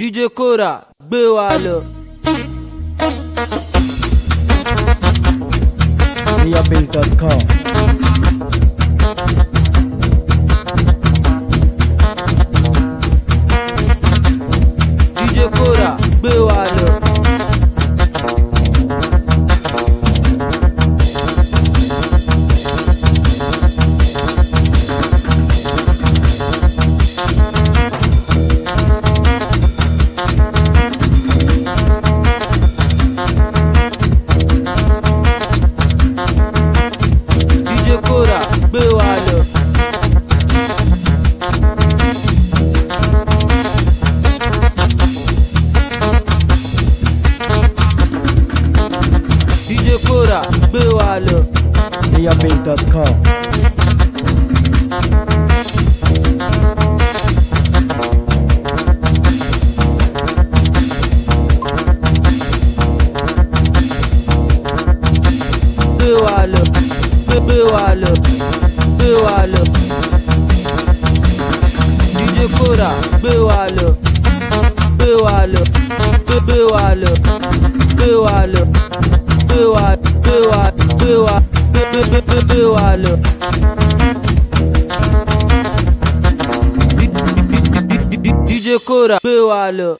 DJ Kora, be wa DJ Kora. Kura, Bualu, DayaBase.com. Bualu, Bualu, Bualu. DJ Kura, Bualu, Bualu, Bualu, Bualu, Bualu do I